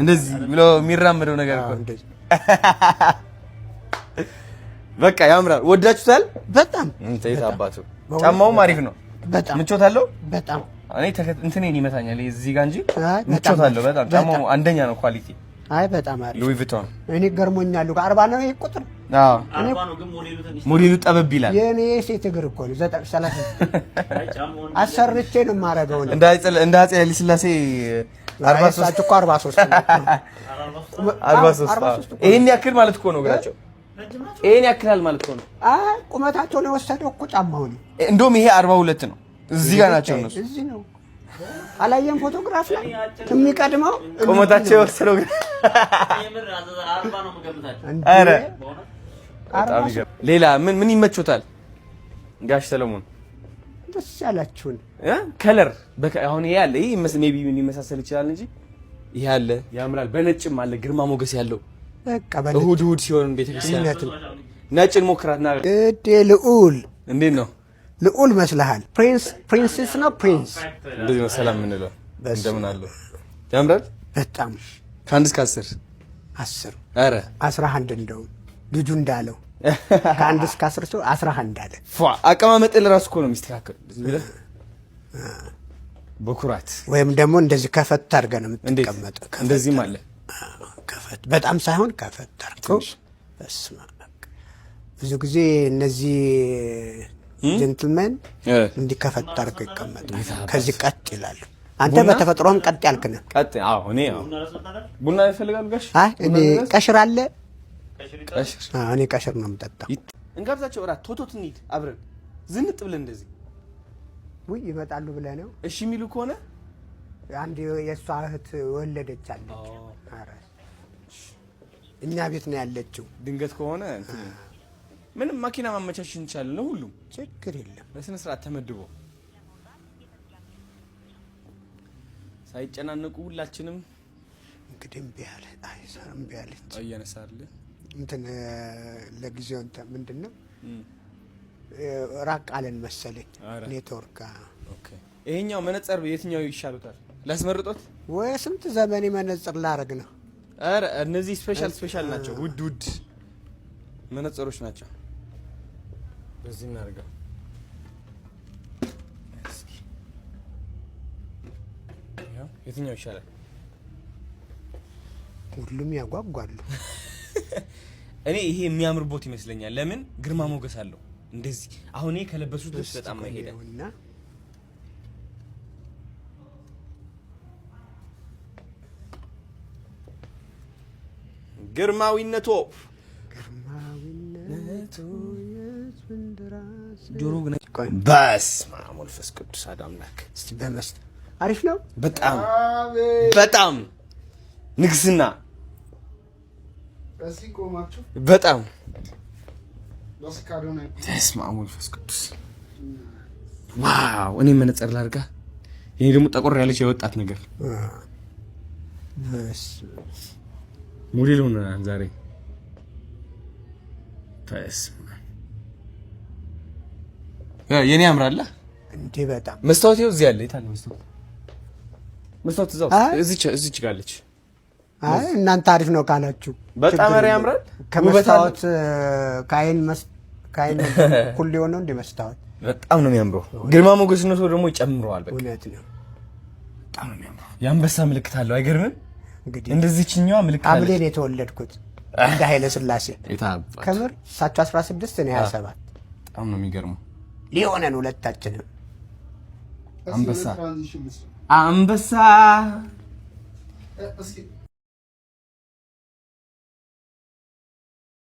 እንደዚህ ብሎ የሚራምደው ነገር በቃ ያምራል። ወዳችሁታል? በጣም እንዴት አባቱ ጫማውም አሪፍ ነው። በጣም ምቾት አለው። በጣም እኔ እንትን ይመታኛል እዚህ ጋር እንጂ ምቾት አለው። በጣም ጫማው አንደኛ ነው ኳሊቲ አይ በጣም አሪፍ ሉዊ ቪቶን እኔ ገርሞኛል። አርባ ነው ይሄ ቁጥር ሞዴሉ ጠበብ ይላል። የኔ ሴት እግር እኮ ነው አሰርቼ ነው የማደርገው። እንደ አፄ ኃይለ ሥላሴ ይህን ያክል ማለት እኮ ነው እግራቸው ይህን ያክላል ማለት እኮ ነው። ቁመታቸውን የወሰደው እኮ ጫማው ነው። እንደውም ይሄ አርባ ሁለት ነው። እዚህ ጋር ናቸው እነሱ አላየም። ፎቶግራፍ ላይ የሚቀድመው ቁመታቸው የወሰነው ሌላ ምን ምን ይመቾታል? ጋሽ ሰለሞን ደስ ያላችሁን ከለር አሁን ይሄ አለ። ይሄ ሜይ ቢ ምን ይመሳሰል ይችላል እንጂ ይሄ አለ፣ ያምራል። በነጭም አለ ግርማ ሞገስ ያለው በቃ እሑድ እሑድ ሲሆን ቤተክርስቲያን ነጭ እንሞክራትና ግዴ ልዑል እንዴት ነው ልዑል መስልሃል። ፕሪንስ ፕሪንስስ ነው ፕሪንስ እንደዚህ ነው ሰላም የምንለው። እንደምን አለ ያምራል። በጣም ከአንድ እስከ አስር አስር ኧረ አስራ አንድ እንደውም ልጁ እንዳለው ከአንድ እስከ አስር ሰው አስራ አንድ አለ። አቀማመጥ ለራሱ እኮ ነው የሚስተካከሉ በኩራት ወይም ደግሞ እንደዚህ ከፈት አድርገህ ነው የምትቀመጠው። እንደዚህም አለ ከፈት በጣም ሳይሆን ከፈት አድርገው። ብዙ ጊዜ እነዚህ ጀንትልመን እንዲከፈት አድርገው ይቀመጣል። ከዚህ ቀጥ ይላል። አንተ በተፈጥሮም ቀጥ ያልክ ነህ። ቀጥ አዎ። እኔ ቡና ይፈልጋል ጋሽ? አይ እኔ ቀሽር አለ። ቀሽር? አዎ እኔ ቀሽር ነው የምጠጣው። እንጋብዛቸው እራት ቶቶት እንሂድ አብረን ዝንጥ ብለን እንደዚህ። ውይ ይመጣሉ ብለህ ነው? እሺ የሚሉ ከሆነ አንድ የእሷ እህት ወለደች አለች። እኛ ቤት ነው ያለችው። ድንገት ከሆነ ምንም መኪና ማመቻች እንችላለን። ለሁሉም ችግር የለም። በስነ ስርዓት ተመድቦ ሳይጨናነቁ ሁላችንም እንግዲህ እምቢ አለ እምቢ አለች እያነሳል እንትን ለጊዜው እንትን ምንድን ነው ራቅ አለን መሰለኝ ኔትወርክ። ይሄኛው መነጽር የትኛው ይሻሉታል? ላስመርጦት ወይ ስንት ዘመኔ መነጽር ላረግ ነው። ኧረ እነዚህ ስፔሻል ስፔሻል ናቸው ውድ ውድ መነጽሮች ናቸው። በዚህ እናድርገው። የትኛው ይሻላል? ሁሉም ያጓጓሉ። እኔ ይሄ የሚያምር ቦት ይመስለኛል። ለምን ግርማ ሞገስ አለው። እንደዚህ አሁን ይሄ ከለበሱት ልብስ በጣም ማይሄዳ ግርማዊነቶ ጆሮ በስመ አብ ወመንፈስ ቅዱስ አሐዱ አምላክ። እስቲ በመስ አሪፍ ነው። በጣም በጣም ንግስና በጣም በስመ አብ ወመንፈስ ቅዱስ ዋው። እኔ መነጽር ላድርጋ። ይሄ ደግሞ ጠቆር ያለች የወጣት ነገር ሙሌ ልሆን ዛሬ የኔ ያምራለ እንዴ! በጣም መስታወት ይኸው እዚህ አለ። የት አለ መስታወት? መስታወት እዛው እዚች ጋር አለች። አይ እናንተ አሪፍ ነው ካላችሁ በጣም ኧረ ያምራል። ከመስታወት ከአይን ከአይን ኩል ነው እንዴ? መስታወት በጣም ነው የሚያምረው። ግርማ ሞገስነቱ ደግሞ ይጨምረዋል። በቃ እውነት ነው። በጣም ነው የሚያምረው። የአንበሳ ምልክት አለው። አይገርምም? እንግዲህ እንደዚህችኛዋ ምልክት አምሌ ነው የተወለድኩት እንደ ኃይለ ስላሴ ከምር እሳቸው 16 እኔ 27 በጣም ነው የሚገርመው። ሊሆነን ሁለታችንም አንበሳ አንበሳ